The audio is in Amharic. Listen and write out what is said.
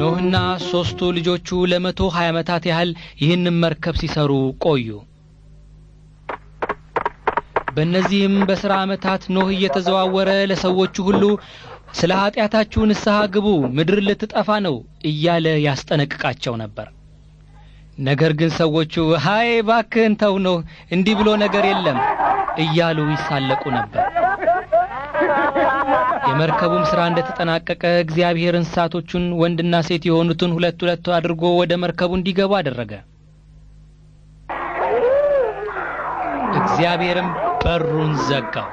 ኖህና ሦስቱ ልጆቹ ለመቶ ሀያ ዓመታት ያህል ይህንን መርከብ ሲሰሩ ቆዩ። በእነዚህም በሥራ ዓመታት ኖህ እየተዘዋወረ ለሰዎቹ ሁሉ ስለ ኀጢአታችሁ ንስሐ ግቡ፣ ምድር ልትጠፋ ነው እያለ ያስጠነቅቃቸው ነበር። ነገር ግን ሰዎቹ ሀይ ባክህን ተው ኖህ፣ እንዲህ ብሎ ነገር የለም እያሉ ይሳለቁ ነበር። መርከቡም ስራ እንደተጠናቀቀ እግዚአብሔር እንስሳቶቹን ወንድና ሴት የሆኑትን ሁለት ሁለት አድርጎ ወደ መርከቡ እንዲገቡ አደረገ። እግዚአብሔርም በሩን ዘጋው።